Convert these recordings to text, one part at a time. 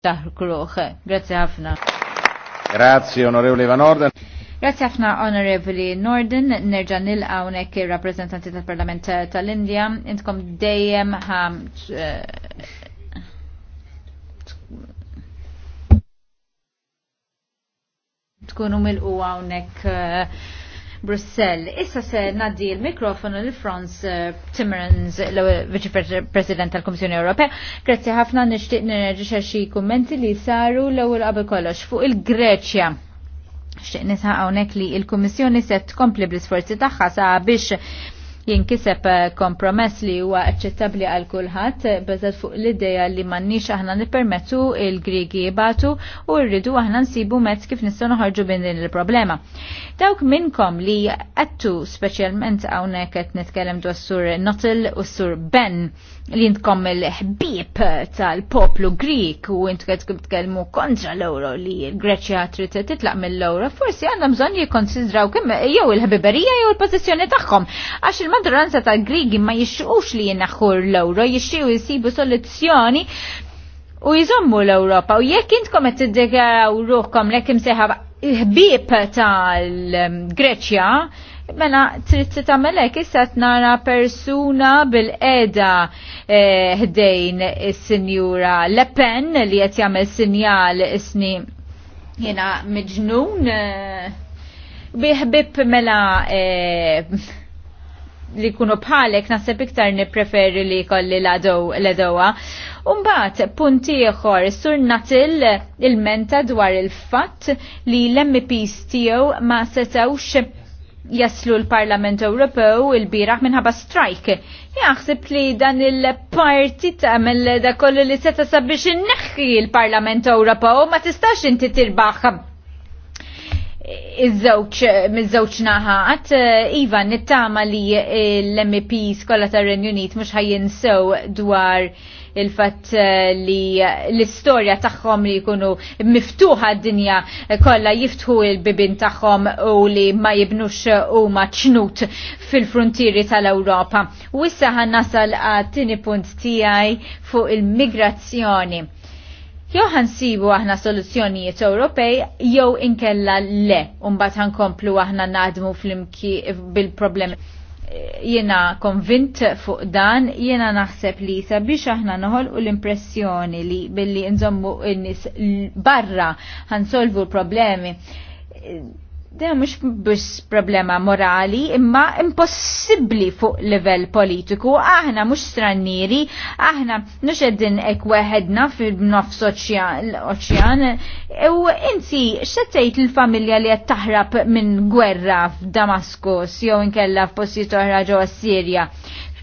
Grazie ħafna. Grazie, onorevole Ivan Orden. Grazie ħafna, onorevoli Norden. Nerġa nilqa unek il-rappresentanti tal-Parlament tal-Indja. Intkom dejjem ħam. Tkunu mil-u għawnek eh, Brussell. Issa se naddi il-mikrofonu li Franz eh, Timmermans, l-Viċi President tal-Komissjoni Ewropea. Grazzi ħafna nixtieq nirreġixa xi kummenti li saru l-ewwel qabel kollox fuq il-Greċja. Xtiq nisa hawnhekk li l-Kummissjoni se tkompli bl-isforzi tagħha sa biex jinkiseb eh, kompromess li huwa aċċettabbli għal kulħadd eh, beżat fuq l-idea li m'għandniex aħna nippermettu il-Griegi jibatu u rridu aħna nsibu mezz kif nistgħu noħorġu bin din il-problema. Dawk minnkom li għattu speċjalment hawnhekk qed nitkellem dwar sur Notil u sur Ben li jintkom il-ħbieb tal-poplu Grieg u intu qed tkellmu kontra l-euro li l-Greċja trid titlaq mill-euro, forsi għandhom bżonn jikkonsidraw kemm jew il-ħbiberija jew il-pożizzjoni tagħhom għax il il-maġġoranza ta' grigi ma jixxux li jinaħħur l ewro jixxiju jisibu soluzzjoni u jżommu l ewropa u jekk intkom qed tiddekaw ruħkom lekk imseħab ħbieb tal-Greċja, mela trid tagħmel hekk issa nara persuna bil-qeda eh, ħdejn is-Sinjura Le Pen li qed jagħmel sinjal isni jiena miġnun eh, biħbib mela eh, li kunu bħalek nasib iktar nipreferi li kolli l-edowa. Umbat, punti ieħor, sur natil il-menta dwar il-fatt li l-MPs tiegħu ma setawx jaslu l-Parlament Ewropew il-biraħ minħabba strike. Jaħseb li dan il parti għamil da kollu li seta sabiex inneħħi l-Parlament Ewropew ma tistax inti tirbaħ iż-żewġ miż-żewġ naħat, eh, iva nittama li l-MPs kollha tar-Renju Unit mhux ħajjinsew dwar il-fatt eh, li l-istorja tagħhom li jkunu miftuħa d-dinja kollha jiftħu il-bibin tagħhom u li ma jibnux huma ċnut fil-frontieri tal-Ewropa. U issa ħannasal għat-tieni punt tiegħi fuq il-migrazzjoni Jo ħansibu aħna soluzzjonijiet Ewropej jew inkella le u mbagħad ħankomplu aħna naħdmu fl bil-problemi. Jiena konvint fuq dan, jiena naħseb li sabiex aħna noħol u l-impressjoni li billi nżommu n-nis barra ħansolvu l-problemi Dejjem mhux biss problema morali, imma impossibbli fuq livell politiku. Aħna mhux stranieri, aħna mhux qegħdin hekk weħedna f'nofs oċjan. U inti x'qed tgħid il-familja li qed taħrab minn gwerra f'Damaskus jew inkella f'postijiet oħra ġewwa Sirja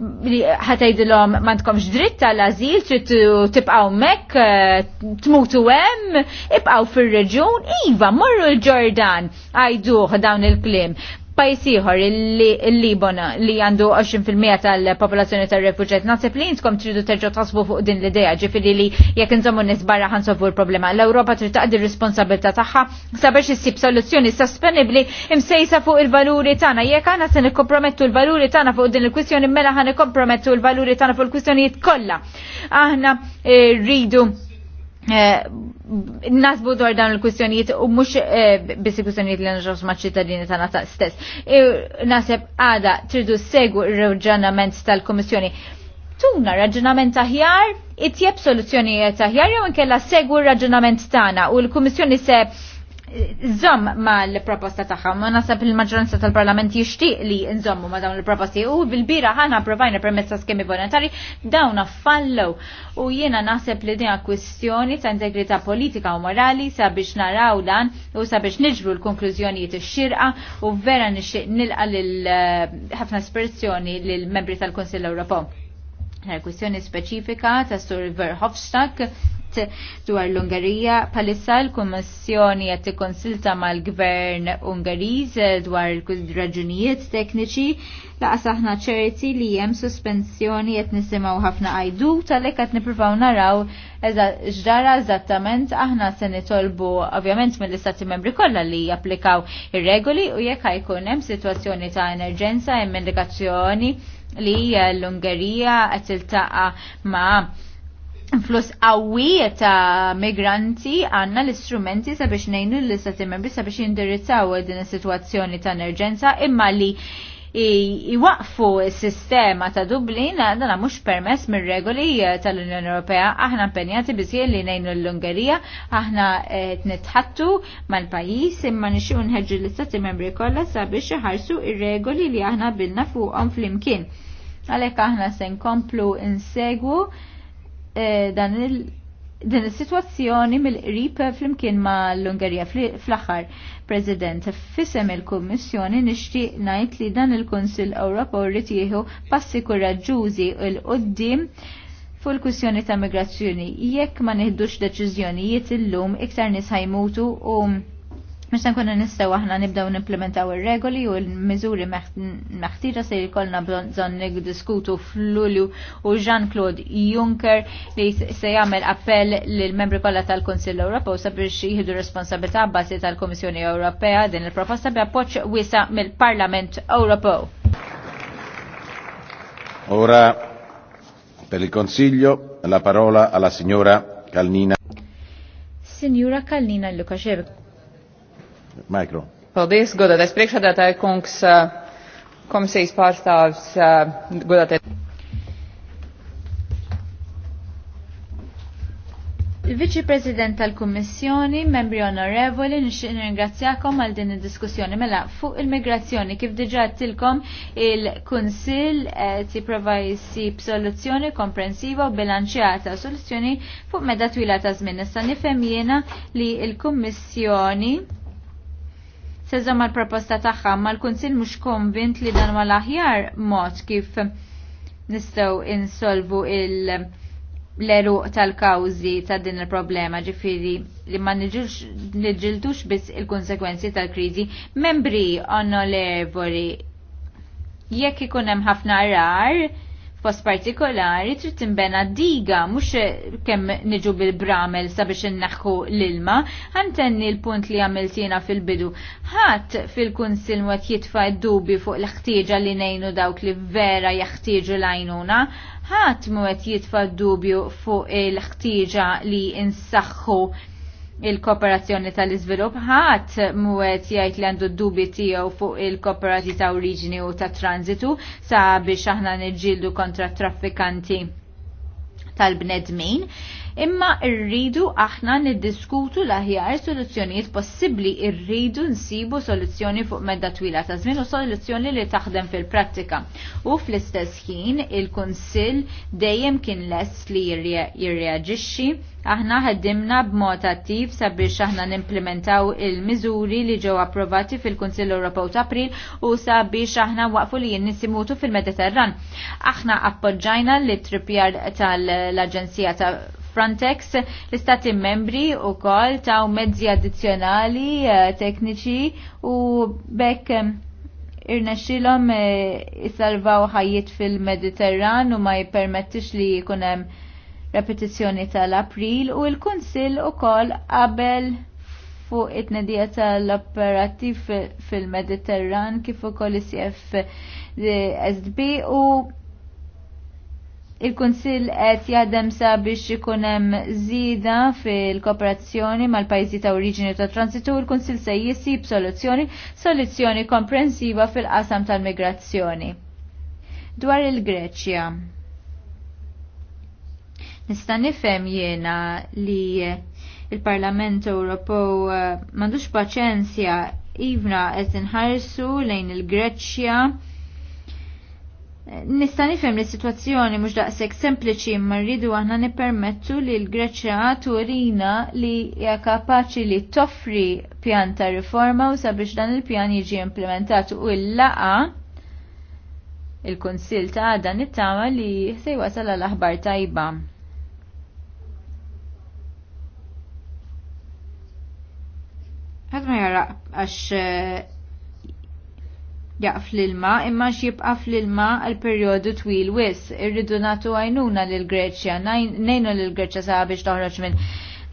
ħatajdilom mandkomx dritt tal-azil, trid tibqgħu mek, eh, tmutu hemm, ibqgħu fir-reġjun, iva, morru l-Ġordan, għajduh dawn il-klim pajis ieħor il-Libona li għandu 20% tal-popolazzjoni tal-refuġet. Naħseb li jintkom tridu terġgħu tasbu fuq din l-idea ġifiri li jekk inżommu nisbarra ħansolvu l-problema. L-Ewropa trid taqdi responsabilta responsabilità tagħha sabiex issib soluzzjoni sostenibbli imsejsa fuq il-valuri tagħna. Jekk aħna se nikkompromettu l-valuri tagħna fuq din il-kwistjoni mela ħan nikkompromettu l-valuri tagħna fuq il-kwistjonijiet kollha. Aħna eh, rridu eh, Eh, nasbu dwar dawn il-kwistjonijiet u mux eh, biss il-kwistjonijiet li nġos ma' ċittadini ta' nata stess. E, Naseb għada tridu segu il raġunament tal komissjoni Tuna raġunament aħjar, itjeb soluzzjonijiet ħjar, jew inkella segu ir-raġunament tagħna u l-Kummissjoni se Zom ma l-proposta taħħa, ma nasab il-maġġoranza tal-parlament jishtiq li nżommu ma dawn l-proposti u bil-bira ħana provajna permessa ta' skemi volontari dawn affallow u jiena naħseb li dina kwistjoni ta' integrità politika u morali sabiex naraw dan u sabiex niġbru l-konklużjonijiet ix-xirqa u vera nixtieq nilqa lil eh, ħafna ispirazzjoni l membri tal-Kunsill Ewropew. Kwistjoni speċifika ta' Sur Verhofstadt Unit dwar l-Ungerija. Palissa l-Kommissjoni qed tikkonsilta mal-Gvern Ungeriż dwar raġunijiet tekniċi laqas aħna ċerti li hemm suspensjoni qed nisimgħu ħafna għajdu tal-hekk qed nippruvaw naraw ġdara eżattament aħna se nitolbu ovvjament mill-istati membri kollha li japplikaw ir-regoli u jekk ħajkun hemm sitwazzjoni ta' enerġenza hemm indikazzjoni li l-Ungerija qed tiltaqa' ma' flus qawwi ta' migranti għanna l-istrumenti sabiex nejnu l-istati membri sabiex jindirizzaw din is-sitwazzjoni ta' emerġenza imma li iwaqfu s-sistema ta' Dublin għadna mux permess mir regoli tal-Unjoni Ewropea. Aħna impenjati biżjed li nejnu l-Ungerija, aħna t-nitħattu mal-pajis imma nixu nħedġu l-istati membri kollha sabiex ħarsu ir-regoli li aħna bilna fuqhom flimkien. Għalhekk aħna se nkomplu insegwu Eh, dan il- din is-sitwazzjoni mill-qrib flimkien ma' l-Ungerija fl-aħħar President fisem il-Kummissjoni nixtieq ngħid li dan il-Kunsill Ewropew u jieħu passi kuraġġużi l qoddim fuq il-kwistjoni ta' migrazzjoni. Jekk ma neħdux deċiżjonijiet illum iktar nies ħajmutu u um Meta nkunu nistgħu aħna nibdew nimplementaw ir-regoli u l-miżuri meħtieġa se jkollna bżonn nikdiskutu f'Lulju u Jean-Claude Juncker li se jagħmel appell lill membri kollha tal-Kunsill Ewropew sabiex jieħdu responsabilità bbażi tal-Kummissjoni Ewropea din il-proposta bi appoġġ wiesa mill-Parlament Ewropew. Ora per il Consiglio la parola alla signora Kalnina. Signora Kalnina Lukashevich. Paldies, godātais priekšsēdētāji kungs, komisijas pārstāvs, godātais. Il-Viċi President tal-Kummissjoni, membri onorevoli, nixtieq ringrazzjakom għal din id-diskussjoni mela fuq il-migrazzjoni kif diġà tilkom il-Kunsill tipprova jsib soluzzjoni komprensiva u bilanċjata soluzzjoni fuq meda twila ta' żmien. Issa nifhem jiena li l-Kummissjoni teżom mal proposta tagħha ma l-Kunsill mhux konvint li dan mal l-aħjar mod kif nistgħu insolvu il- l eru tal-kawzi ta' din il-problema ġifiri li ma nġiltux biss il-konsekwenzi tal-krizi membri onorevoli jekk ikun hemm ħafna rar Fos partikolari trid tinbena diga mhux kemm niġu bil-bramel sabiex innaħħu l-ilma, ħantenni l-punt li għamiltina fil-bidu. Ħadd fil-kunsil mod jitfa' dubi fuq l-ħtieġa li ngħinu dawk li vera jaħtieġu l-għajnuna, ħadd mod jitfa' dubju fuq l-ħtieġa li insaħħu il-kooperazzjoni tal-izvilupp ħadd muwet jgħid li għandu dubi tiegħu fuq il-kooperati ta' oriġini u ta' transitu sa biex aħna niġġieldu kontra traffikanti tal-bnedmin imma rridu aħna niddiskutu l-aħjar soluzzjonijiet possibbli rridu nsibu soluzzjoni fuq medda twila ta' żmien u soluzzjoni li taħdem fil-prattika. U fl-istess ħin il-Kunsill dejjem kien less li jirreaġixxi Aħna ħeddimna b'mod attiv sabiex aħna nimplementaw il-miżuri li ġew approvati fil-Kunsill Ewropew ta' April u sabiex aħna waqfu li jinnisimutu fil-Mediterran. Aħna appoġġajna li tripjar tal-Aġenzija ta' Frontex l-istati membri u kol taw mezzi addizjonali eh, tekniċi u bekk eh, irnexxilhom eh, isalvaw ħajiet fil-Mediterran u ma jippermettix li jkun hemm repetizzjoni tal-April u l-Kunsill ukoll qabel fuq it-nedija tal-operattiv fil-Mediterran kif ukoll isf SB u Il-Kunsill qed jaħdem sabiex ikun hemm żieda fil-kooperazzjoni mal-pajjiżi ta' oriġini ta' transitu, il-Kunsill se jisib soluzzjoni soluzzjoni komprensiva fil-qasam tal-migrazzjoni. Dwar il-Greċja. Nista' nifhem jiena li il-Parlament Ewropew eh, m'għandux paċenzja ivna qed inħarsu lejn il-Greċja Nista' nifhem li situazzjoni mhux daqshekk sempliċi imma rridu aħna nippermettu li l-Greċja turina li hija kapaċi li toffri pjan ta' riforma u sabiex dan il-pjan jiġi implementat u l-laqa il kunsill ta' dan it-tama li se wasal għal aħbar tajba. Ħadd ma jaraq għax jaqfl l-ilma imma x'jibqa' fl-ilma għal perjodu twil wis. Irridu nagħtu għajnuna l Greċja, nejnu l Greċja sa biex toħroġ minn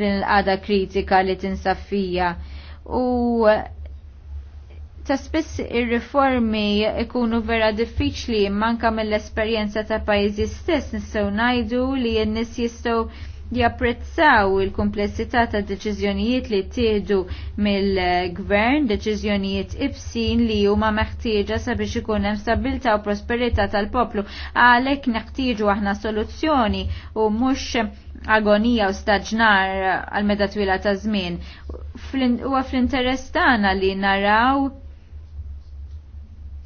din l-qada kritika li tinsaffija. U ta' spiss ir-riformi ikunu vera diffiċli manka mill-esperjenza ta' pajjiżi stess nistgħu ngħidu li n-nies jistgħu japprezzaw il-komplessità ta' deċiżjonijiet li tieħdu mill-gvern, deċiżjonijiet ibsin li huma meħtieġa sabiex ikun hemm stabilità u prosperità tal-poplu. Għalhekk neħtieġu aħna soluzzjoni u mhux agonija u staġnar għal meda twila ta' żmien. Huwa fl-interess tagħna li naraw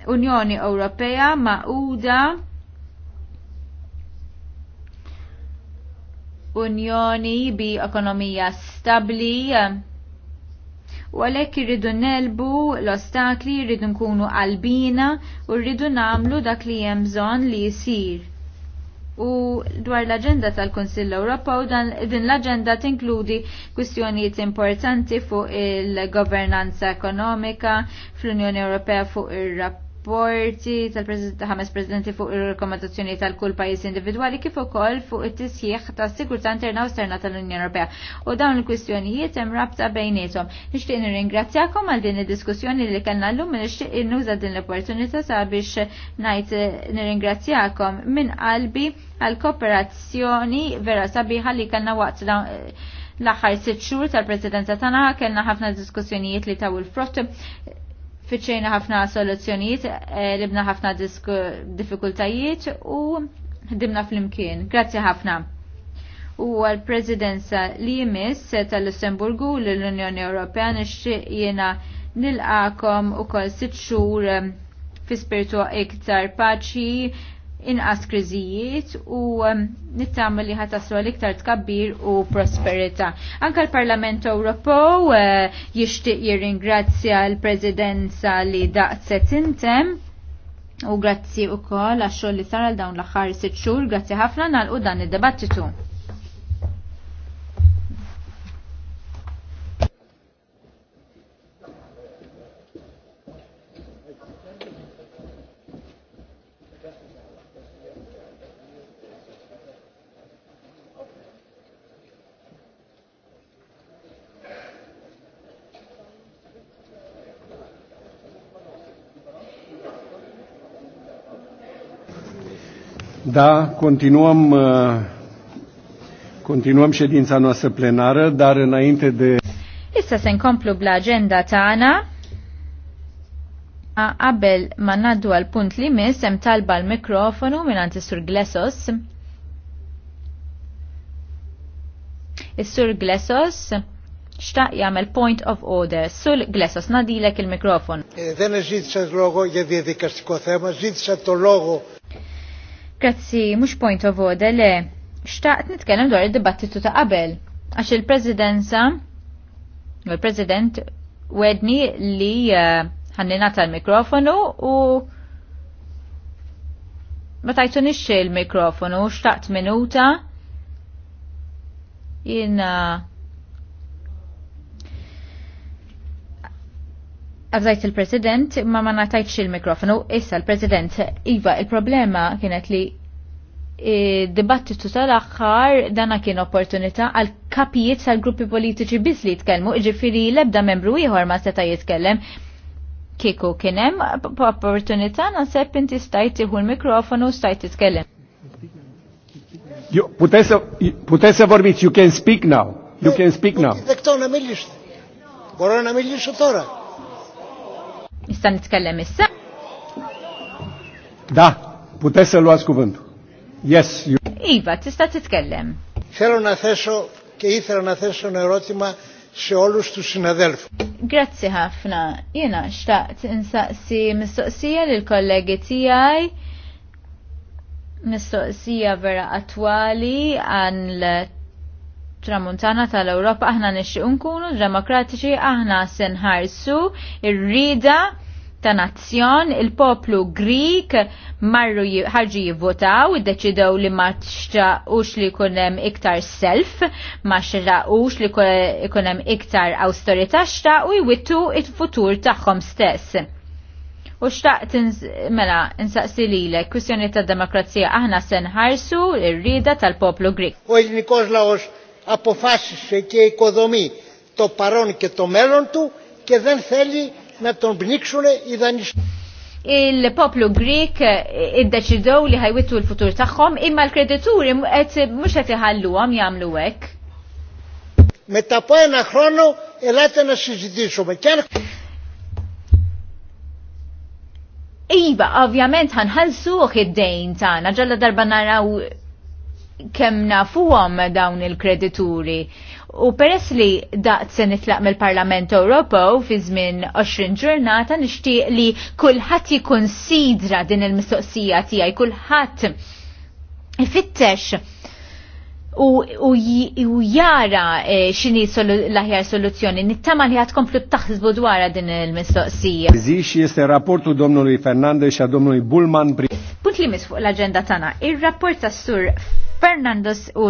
Unjoni Ewropea maquda unjoni bi ekonomija stabli eh, u għalek irridu nelbu l-ostakli, irridu nkunu qalbina u rridu namlu dak li hemm bżonn li jisir. U dwar l-agenda tal-Konsill u dan din l-agenda tinkludi kwistjonijiet importanti fuq il-governanza ekonomika fl-Unjoni Ewropea fuq ir-rapport rapporti tal-ħames Presidenti fuq il-rekomendazzjoni tal-kull pajjiż individwali kif ukoll fuq it-tisjieħ tas sigurtà interna u esterna tal-Unjoni Ewropea. U dawn il-kwistjonijiet hemm rabta bejniethom. Nixtieq nirringrazzjakom għal din id-diskussjoni li kellna llum nixtieq innuża din l-opportunità sabiex ngħid nirringrazzjakom minn qalbi għal kooperazzjoni vera sabiħa li kellna waqt l-aħħar sitt xhur tal-Presidenza tagħna kellna ħafna diskussjonijiet li taw il-frott Fiċċejna ħafna soluzzjonijiet, libna eh, ħafna diffikultajiet u ħdimna fl-imkien. Grazzi ħafna. U għal presidenza li jmiss tal-Lussemburgu l-Unjoni Ewropea nixtieq jiena nilqakom ukoll sitt xhur eh, fi spiritu iktar paċi, inqas kriżijiet u ehm, nittama li ħataslu għal-iktar tkabbir u prosperita. Anka l-Parlament Ewropew eh, jixtieq jirringrazzja l-Presidenza li daqset intem. U grazzi u koll għax xogħol li sar għal dawn l-aħħar sitt xhur, grazzi ħafna nagħlqu dan id-dibattitu. Da, continuăm, uh, continuăm ședința noastră plenară, dar înainte de... Issa se nkomplu bl-agenda tana. Qabel ma ngħaddu għal punt li miss hemm talba l-mikrofonu mingħand sur Glesos. Is-Sur Glesos xtaq jamel point of order. Sur Glesos nadilek il-mikrofon. Δεν eh, logo, λόγο για διαδικαστικό θέμα, ζήτησα το λόγο Grazzi, mux point of order, le. Xtaqt nitkellem dwar il-dibattitu ta' qabel. Għax il presidenza u il president wedni li eh, ħannina uh, tal-mikrofonu u ma tajtu nixxie il-mikrofonu, xtaqt minuta. Jina eh, Għabżajt il-President, ma ma natajċ il-mikrofonu, issa il-President, Iva, il-problema kienet li e, dibattitu tal-axħar dana kien opportunità għal kapijiet tal-gruppi politiċi biss li jitkellmu, ġifiri lebda membru ieħor ma seta' jitkellem. Kieku kienem opportunità naħseb inti stajt tieħu l-mikrofonu stajt titkellem. Putessa Vorbic, you can speak now. You can speak now. Dektona millix. Borona millix u tora nista' nitkellem issa? Da, putess l cuvântul. Yes, you... Iva, tista' titkellem. Θέλω να θέσω και ήθελα να θέσω ένα ερώτημα σε όλους τους συναδέλφους. Grazzi ħafna. Jena xtaqt insaqsi mistoqsija lil kollegi tiegħi mistoqsija vera attwali għan tramuntana tal-Ewropa aħna nixtieq nkunu demokratiċi aħna se nħarsu ir-rida ta' nazzjon, il-poplu Grik marru ħarġu jivvotaw, id-deċidew li ma ux li kunem iktar self, ma xraqux li kunem iktar austerita xta u jwittu il-futur tagħhom stess. U xtaqt mela insaqsi lilek kwistjoni ta' demokrazija aħna senħarsu ir-rida tal-poplu Grik. U il-Nikos Laos apofassi ke ekodomi to paron ke to melon tu ke den Il-poplu Greek eh, id-deċidow li ħajwittu l-futur taħħom imma l-kredituri qed mhux qed iħalluhom jagħmlu hekk. Meta από ένα χρόνο ελάτε να συζητήσουμε. Και Iba, Iva, ovvjament ħanħalsu id-dejn tagħna ġalla darba naraw kemm nafuhom dawn il-kredituri. U peress li daqt se nitlaq mill-Parlament Ewropew fi żmien 20 ġurnata nixtieq li kulħadd sidra din il-mistoqsija tiegħi, kulħadd ifittex u, u, u jara e, xini solu, l-aħjar soluzzjoni. Nittama li għat komplu taħsbu dwar din il-mistoqsija. Zix jiste rapportu domnuli Fernandez a domnuli Bullman. Punt li misfuq fuq l-agenda tana. Il-rapport tas sur Fernandez u